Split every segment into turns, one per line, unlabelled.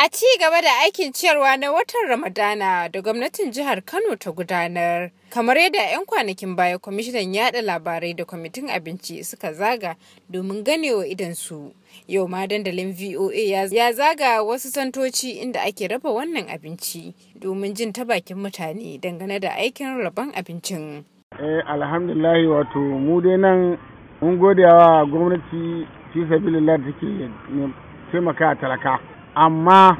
A ci gaba da aikin ciyarwa na watan Ramadana da gwamnatin jihar Kano ta gudanar, kamar yadda 'yan kwanakin baya kwamishinan yada labarai da kwamitin abinci suka zaga domin ganewa idansu. Yau ma dandalin VOA ya zaga wasu santoci inda ake raba wannan abinci domin jin ta bakin mutane dangane da aikin rabon abincin.
Eh, wato mu dai nan mun gode wa gwamnati fi sabilillah take taimaka talaka. amma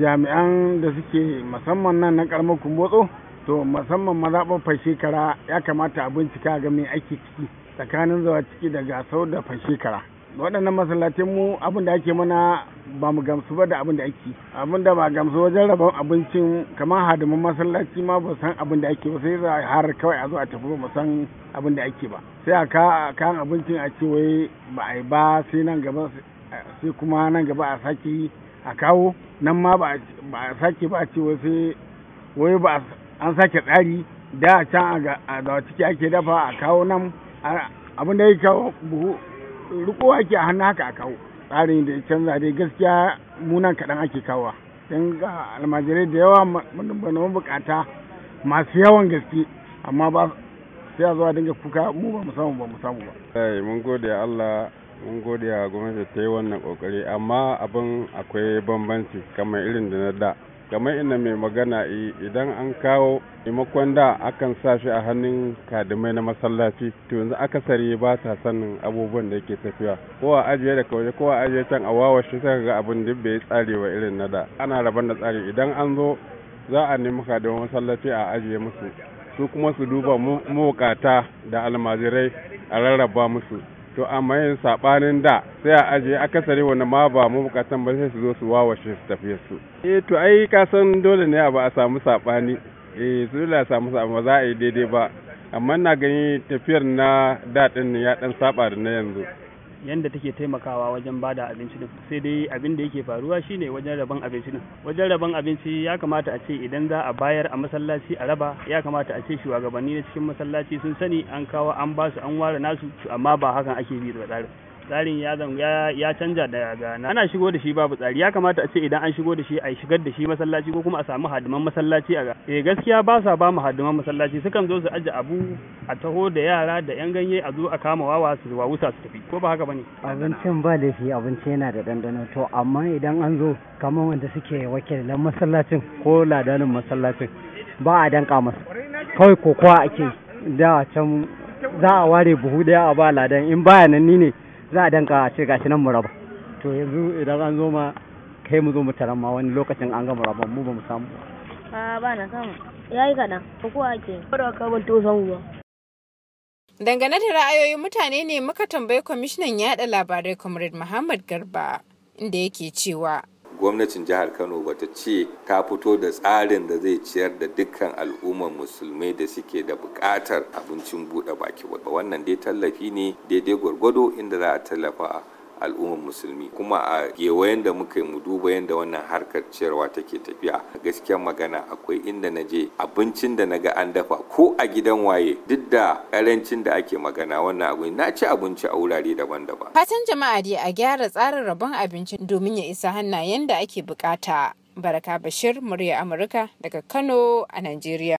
jami'an da suke musamman nan na karamar kumbotso to musamman mazaɓar shekara ya kamata a bincika ga mai ake ciki tsakanin zawa ciki da gasau da fashekara waɗannan masallatai mu abin da ake mana ba mu gamsu ba da abin da ake abin da ba gamsu wajen rabon abincin kamar hadimin masallaci ma ba san abin da ake ba sai za har kawai a zo a tafi ba mu san abin da ake ba sai a kayan abincin a ce wai ba a yi ba sai nan gaba sai kuma nan gaba a sake a kawo nan ma ba a sake ba a ce wasu wai ba an sake tsari da a can a da ciki ake dafa a kawo nan abin da ya kawo buhu riko ake a hannu haka a kawo tsarin da ya canza dai gaskiya munan kaɗan ake kawo don ga almajirai da yawa manubana bukata masu yawan gaske amma ba sai a zuwa dinga kuka mu ba mu samu ba mu samu
ba. mun gode a gwamnati ta yi wannan kokari amma abin akwai bambanci kamar irin da na da kamar ina mai magana idan an kawo maimakon da akan sa shi a hannun kadimai na masallaci to yanzu akasari ba ta sanin abubuwan da yake tafiya ko a ajiye da kawai ko a ajiye can a wawa shi sai ga abin duk bai tsare wa irin na da ana rabon da tsari idan an zo za a nemi kadimai masallaci a ajiye musu su kuma su duba mu da almajirai a rarraba musu to amma yin sabanin da sai a ajiye akasari wani ma ba mu bukatan ba sai su zo su wawashe su tafiye su eh to ai ka san dole ne a ba a samu sabani eh dole a samu sabani ba za a yi daidai ba amma na gani tafiyar na daɗin ya ɗan saba da na yanzu
yadda take taimakawa wajen bada abinci din sai dai abin da yake faruwa shine wajen rabon abinci din wajen rabon abinci ya kamata a ce idan za a bayar a masallaci a raba ya kamata a ce shugabanni na cikin masallaci sun sani an kawo an ba su an ware nasu amma ba hakan ake bi da tsarin tsarin ya ya canja da na ana shigo da shi babu tsari ya kamata a ce idan an shigo da shi a shigar da shi masallaci ko kuma a samu hadiman masallaci a eh gaskiya ba sa ba mu hadiman masallaci sukan zo su aje abu a taho da yara da yan ganye a zo a kama wawa su wusa su tafi ko ba haka bane
abincin ba da shi abinci yana da dandano to amma idan an zo kamar wanda suke wakilan masallacin ko ladanin masallacin ba a danka masa kawai kokowa ake da can za a ware buhu daya a ba ladan in baya ni ne za a danka ce gashi nan mu raba to yanzu idan an zo ma kai mu zo mu taran ma wani lokacin an ga muraba mu ba mu samu
a ba na samu yayi kaɗan ko ko ake ba
da ka ban to samu ba Dangane da ra'ayoyin mutane ne muka tambayi kwamishinan yada labarai Comrade Muhammad Garba inda yake cewa
gwamnatin jihar kano bata ce ta fito da tsarin da zai ciyar da dukkan al'ummar musulmai da suke da bukatar abincin buɗe baki ba wannan dai tallafi ne daidai gwargwado inda za a tallafa al'ummar musulmi kuma a gewayen da muka yi mu duba yadda wannan harkar ciyarwa take tafiya a gaskiya magana akwai inda na je abincin da na ga an dafa ko a gidan waye duk da karancin da ake magana wannan abu na ci abinci a wurare daban-daban
fatan jama'a dai a gyara tsarin rabon abinci domin ya isa hannayen da ake bukata baraka bashir murya amurka daga kano a najeriya